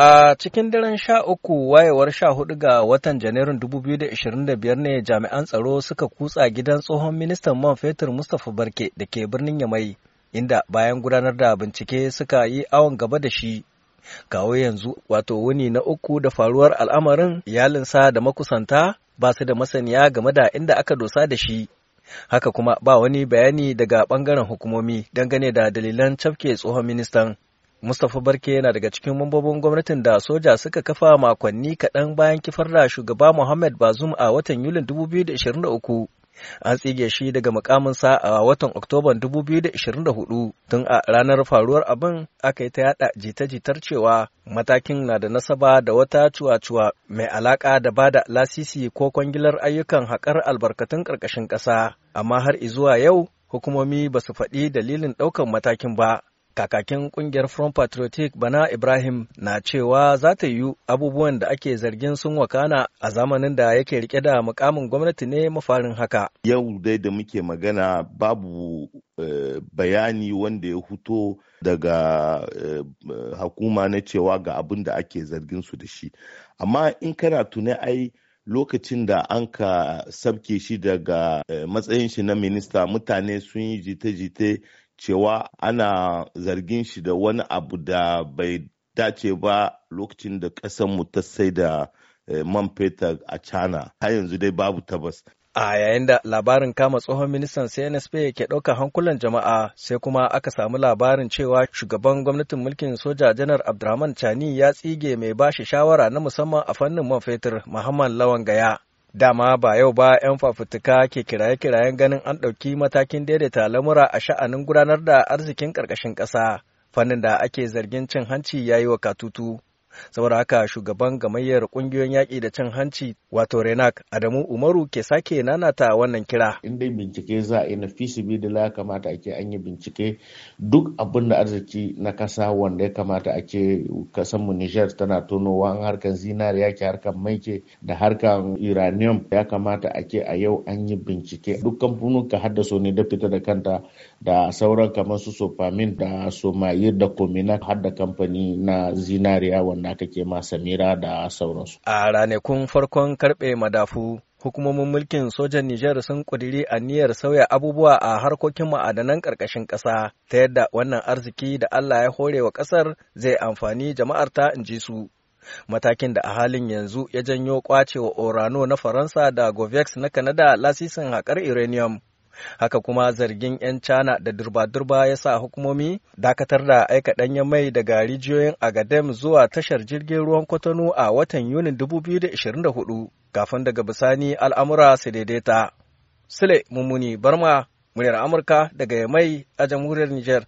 A cikin daren sha uku wayewar sha hudu ga watan Janairun 2025 ne jami'an tsaro suka kutsa gidan tsohon ministan man fetur Mustapha Barke da ke birnin Yamai, inda bayan gudanar da bincike suka yi awon gaba da shi. Kawo yanzu wato wuni na uku da faruwar al'amarin iyalinsa da makusanta ba su da masaniya game da inda aka dosa da shi. Haka kuma ba wani bayani daga ɓangaren hukumomi dangane da dalilan cafke tsohon ministan. Mustapha Barke yana daga cikin mambobin gwamnatin da soja suka kafa makonni kaɗan bayan kifar da shugaba Muhammad Bazum a watan Yulin 2023. An tsige shi daga mukaminsa a watan Oktoban 2024 tun a ranar faruwar abin aka yi ta yada jita-jitar cewa matakin na da nasaba da wata cuwa-cuwa mai alaka da ba da lasisi ko kwangilar ayyukan haƙar albarkatun ƙarƙashin ƙasa, amma har izuwa yau hukumomi ba su faɗi dalilin ɗaukan matakin ba. kakakin kungiyar Front Patriotic Bana Ibrahim na cewa za ta yiwu abubuwan da ake zargin sun wakana a zamanin da yake rike da mukamin gwamnati ne mafarin haka. Yau dai da muke magana babu eh, bayani wanda ya huto daga hakuma eh, na cewa ga abin da ake zargin su da shi. Amma in kana tuni ai lokacin da an ka sabke shi daga eh, matsayin shi na minista mutane sun yi jite-jite cewa ana zargin shi da wani abu da bai dace ba lokacin da ƙasarmu ta sai da eh, man fetur a China har yanzu dai babu tabbas. A yayin da labarin kama tsohon ministan CNSP ke ɗaukar hankulan jama'a sai kuma aka samu labarin cewa shugaban gwamnatin mulkin soja janar Abdurrahman Chani ya tsige mai bashi shawara na musamman a fannin man fetur Muhammad Lawan Gaya. Dama ba yau ba 'yan fafutuka ke kiraye-kirayen ganin an ɗauki matakin daidaita lamura a sha'anin gudanar da arzikin ƙarƙashin ƙasa, fannin da ake zargin cin hanci ya yi wa katutu. saboda haka shugaban gamayyar kungiyoyin yaƙi da cin hanci wato renak adamu umaru ke sake nanata wannan kira in dai bincike za a yi na fisibi da la kamata a ke an yi bincike duk abin da arziki na kasa wanda ya kamata ake kasan mu niger tana tonowa an harkan zinariya ke harkan mai da harkan uranium ya kamata a ke a yau an yi bincike duk kamfanin ka haddasa ne da fita da kanta da sauran kamar su sofamin da somayir da komina hada kamfani na zinariya wanda wanda aka ke ma samira da sauransu. A ranakun farkon karɓe madafu hukumomin mulkin sojan Nijar sun ƙudiri niyyar sauya abubuwa a harkokin ma'adanan ƙarƙashin ƙasa ta yadda wannan arziki da Allah ya hore wa ƙasar zai amfani jama'arta in ji su. Matakin da a halin yanzu ya janyo ƙwacewa Orano na Faransa da Govex na Kanada lasisin haƙar uranium. haka kuma zargin 'yan cana da durba-durba ya sa hukumomi dakatar da aika ɗanyen mai daga rijiyoyin agadem zuwa tashar jirgin ruwan kwatano a watan yunin 2024 kafin daga bisani al'amura su daidaita sule mummuni barma muryar amurka daga mai a jamhuriyar niger